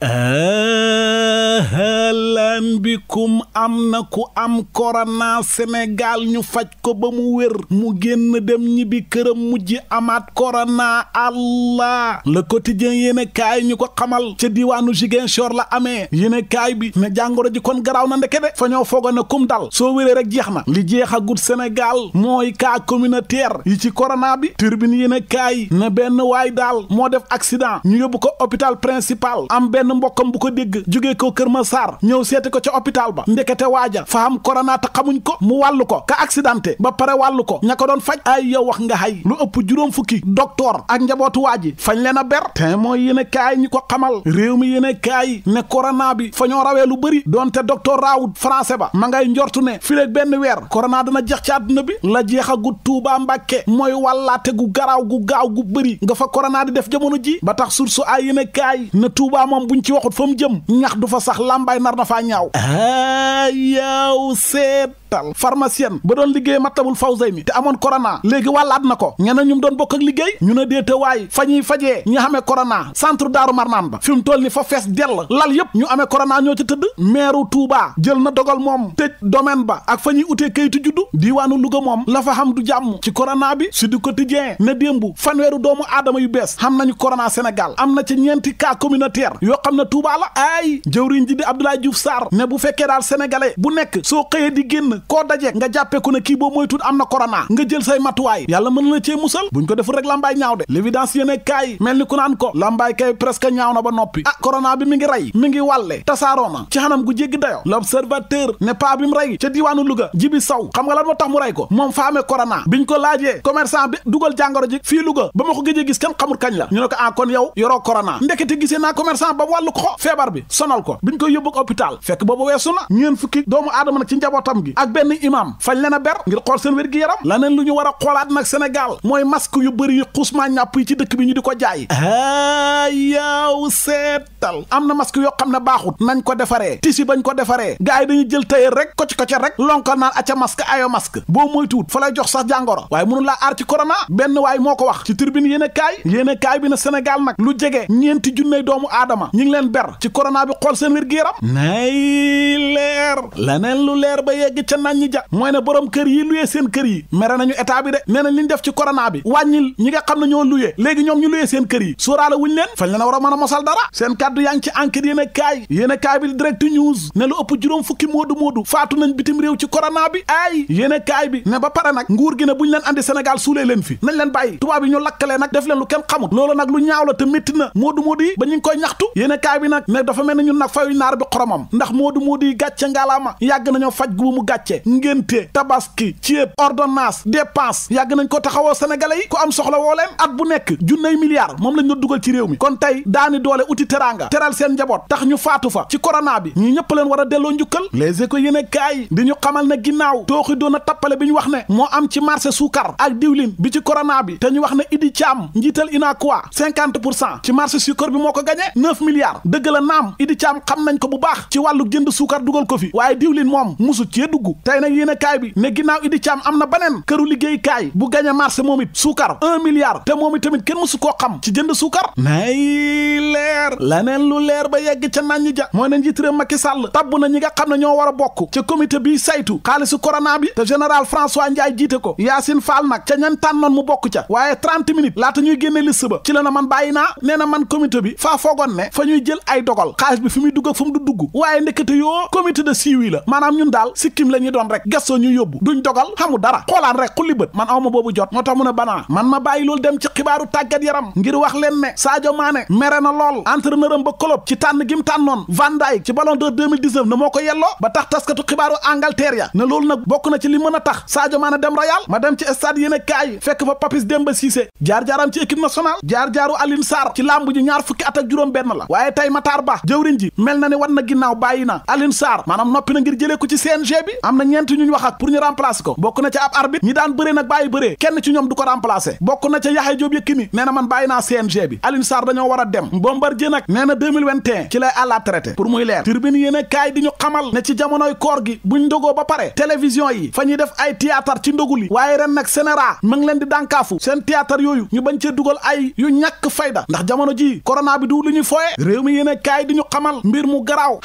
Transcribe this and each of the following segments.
Uh. halaan bikum am na ku am korona Sénégal ñu faj ko ba mu wér mu génn dem ñibbi këram mujj amaat korona allah le quotidien yéene kaay ñu ko xamal ca diiwaanu Ziguinchor la amee yéene kaay bi ne jàngoro ji kon garaaw na ndeke de fa ñoo fooga na kum dal soo wéree rek jeex na li jeex agut Sénégal mooy cas communautaire yi ci korona bi turbine yéene kaay ne benn waay daal moo def accident ñu yóbbu ko hôpital principal am benn mbokkam bu ko dégg jógee ko kër ma Sarr ñëw seeti ko ca hôpital ba ndekete waaja fa am korona te xamuñ ko mu wàllu ko ka accidenté ba pare wàllu ko ña ko doon faj ay yow wax nga hay lu ëpp juróom fukki docteur ak njabootu waa ji fañ leen a ber te mooy yéen ñi ko xamal réew mi yéen kaay ne korona bi fa ñoo rawee lu bëri doonte docteur raawut français ba ma ngay njortu ne fileeg benn weer korona dana jeex ci àdduna bi la jeexagut Tuubaa Mbàkke mooy wàllaate gu garaaw gu gaaw gu bëri nga fa korona di def jamono ji ba tax source ay yéen kaay ne Tuubaa moom buñ ci waxut fa mu jëm sax Lambaay nar na faa ñaaw. ah yow seet. tal pharmacienne ba doon liggéey mattabul fawsay mi te amoon corona léegi wàllaat na ko ñeneen ñu mu doon bokk ak liggéey ñu ne déete waay fa fajee ñi xamee corona centre daaru marnaan ba fi mu toll ni fa fees dell lal yépp ñu amee korona ñoo ci tëdd meeru Touba jël na dogal moom tëj domaine ba ak fa ñuy utee kayitu juddu diiwaanu Louga moom la fa xam du jàmm ci corona bi su du ko quotidien ne démbu fanweeru doomu aadama yu bees xam nañu corona Sénégal am na ci ñeenti cas communautaire yoo xam ne Touba la ay jëwriñ ji di Abdoulaye Diouf Sarr ne bu fekkee daal sénégalais bu nekk soo xëyee di génn koo daje nga jàppee ko ne kii boo moytuut am na korona nga jël say matuwaay yàlla mën na cee musal buñ ko deful rek lambaay ñaaw de l'évidence yéene mel ni ku naan ko lambaay kay presque ñaaw na ba noppi ah korona bi mi ngi rey mi ngi wàlle tasaaroo na ci xanam gu jéggi dayo l'observateur ne paa bi mu rey ca diiwaanu Louga jibi saw xam nga la moo tax mu rey ko moom fa amee korona biñ ko laajee commerçant bi dugal jàngoro ji fii Louga ba ma ko géjee gis kenn kañ la ñu ne ko ah kon yow yoroo korona ndekete gisee naa commerçant ba wàllu ko feebar bi sonal ko biñ ko yóbbu hôpital fekk boobu weesu na ñeen fukki doomu aadama nag ci njabootam ak benn imam fañ leen a ber ngir xool seen wér gi yaram laneen lu ñu war a xoolaat nag Sénégal mooy masque yu bëri yu xusmaa ñàpp yi ci dëkk bi ñu di ko jaay a yaaw seetal am na masque yoo xam ne baaxut nañ ko defaree tisi bañ ko defaree gars yi dañuy jël tayër rek koc koc rek lonko naan acca masque ayo masque boo mooy tuut jox sax jàngoro waaye mënu laa aar ci corona benn waay moo ko wax ci turbine yéen a kaay yéen a kaay bi na Sénégal nag lu jege ñeenti junney doomu aadama ñi ngi leen ber ci corona bi xool seen wér gi yaram nay leer laneen ca naan ñi yi seen kër yi mere nañu état bi de nee na bi wàññil ñi nga xam ne ñoo luyee léegi ñu luyee seen kër yi sóoraale wuñu leen fañ leen a war a mën a mosal dara seen kàddu a kaay yéen a kaay bi direct news ne lu ëpp juróom fukki moodu moodu faatu nañ bitim réew ci corona bi aay yéen kaay bi ne ba pare nag nguur gi ne buñ leen andi Sénégal suulee leen fi nañ leen bàyyi tubaab yi ñu lakkale nag def leen lu kenn xamut loolu nag lu ñaaw la te métti na moodu moodu yi ba ñu ngi koy ñaxtu yéen a kaay bi nag ne dafa mel ni ñun nag fayuñ naar bi xoromam ndax moodu moodu yi gàcce ngaalaama yàgg nañoo faj gu mu gàcc gàcce ngénte tabaski ceeb ordonnance dépense yàgg nañ ko taxawoo sénégalais yi ku am soxla woo leen at bu nekk junney milliards moom lañ doon dugal ci réew mi kon tey daani doole uti teraanga teral seen njaboot tax ñu faatu fa ci corona bi ñu ñëpp leen war a delloo njukkal les éco yéen kaay di ñu xamal ne ginnaaw tooxi doon a tappale bi ñu wax ne moo am ci marché suukar ak diwlin bi ci corona bi te ñu wax ne Idi Thiam njiital UNACOIS cinquante pour cent ci marché suukar bi moo ko gañe neuf milliards dëgg la naam Idi Thiam xam nañ ko bu baax ci wàllu jënd suukar dugal ko fi waaye diwlin moom musu cee dugg tey nag yéen a kaay bi ne ginnaaw Idi Thiam am na beneen këru liggéey kaay bu gañ a marché moom it suukar un milliard te moom it tamit kenn mësu koo xam ci jënd suukar nay leer laneen lu leer ba yegg ca nañ ja moo ne njiit réew Macky Sall tabb na ñi nga xam ne ñoo war a bokk ca comité bi saytu xaalisu corona bi te général François Ndiaye jiite ko Yacine Fall nag ca ñan tànnoon mu bokk ca waaye trente minutes laata ñuy génne liste ba ci la na man bàyyi na man comité bi faa foogoon ne fa ñuy jël ay dogal xaalis bi fi muy dugg ak mu du waaye ndekete yoo comité de la maanaam ñun daal sikkim lañ ñi doon rek gaston ñu yóbbu duñ dogal xamu dara xoolaan rek a na ba club ci tànn gi mu tànnoon Van Dijk ci Ballon d'Or 2019 ne moo ko yelloo ba tax taskatu xibaaru Angleterre ya ne loolu nag bokk na ci li mën a tax Sadio Mané dem Real ma dem ci stade yéen kaay fekk fa Papis Demba Cissé jaar-jaaram ci équipe nationale jaar-jaaru Alioune Sarr ci làmb ñaar fukki at ak juróom benn la waaye tey Matar Ba jëwriñ ji mel na ne war na ginnaaw bàyyi na Alioune Sarr maanaam noppi na ngir jëlee ci CNG bi am na ñeent ñu ñu wax ak pour ñu remplacer ko bokk na ca ab arbitre ñi daan bëree nag bàyyi bëree kenn ci ñoom du ko remplacer bokk na ca Yaxya Joob Yékini nee na man bàyyi naa CNG bi Alioune Sarr dañoo war a dem Bombardier nag nee na ci lay à la traité muy leer turbine yéen kaay di ñu xamal ne ci jamonoy koor gi buñ ndogoo ba pare télévision yi fa ñuy def ay théâtre ci ndogu li waaye ren nag sénéra ma leen di dànkaafu seen théâtre yooyu ñu yu ñàkk fayda ndax jamono ji corona bi du lu ñuy foye réew mi yéen kaay di ñu xamal mbir mu garaaw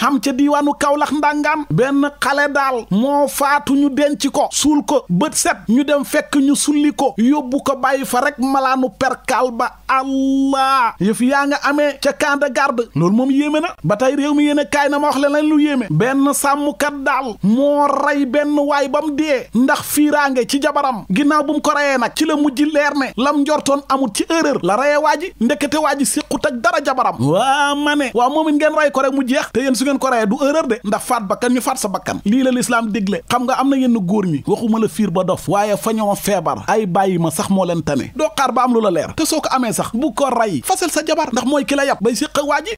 xam moo faatu ñu denc ko suul ko bët set ñu dem fekk ñu sulli ko yóbbu ko bàyyi fa rek malaanu perkaal ba allah yëf yaa nga amee ca camp de garde loolu moom yéeme na ba tey réew mi yéene kaay na ma wax leen lu yéeme benn sàmmkat daal moo rey benn waay ba mu dee ndax fiiraange ci jabaram ginnaaw bu mu ko reyee nag ci la mujj leer ne lam njortoon amut ci erreur la reyee waa ji ndekete waa ji siqut ak dara jabaram waa ma ne waaw moom ngeen rey ko rek mu jeex su ngeen ko reyee du erreur de ndax faat bakkan la lislaam dégg digle xam nga am na yenn góor ñi waxuma la fiir ba dof waaye fa ñoo feebar ay bàyyi ma sax moo leen tane doo xaar ba am lu la leer te soo ko amee sax bu ko rey fasel sa jabar ndax mooy ki la yàpp bay séq waa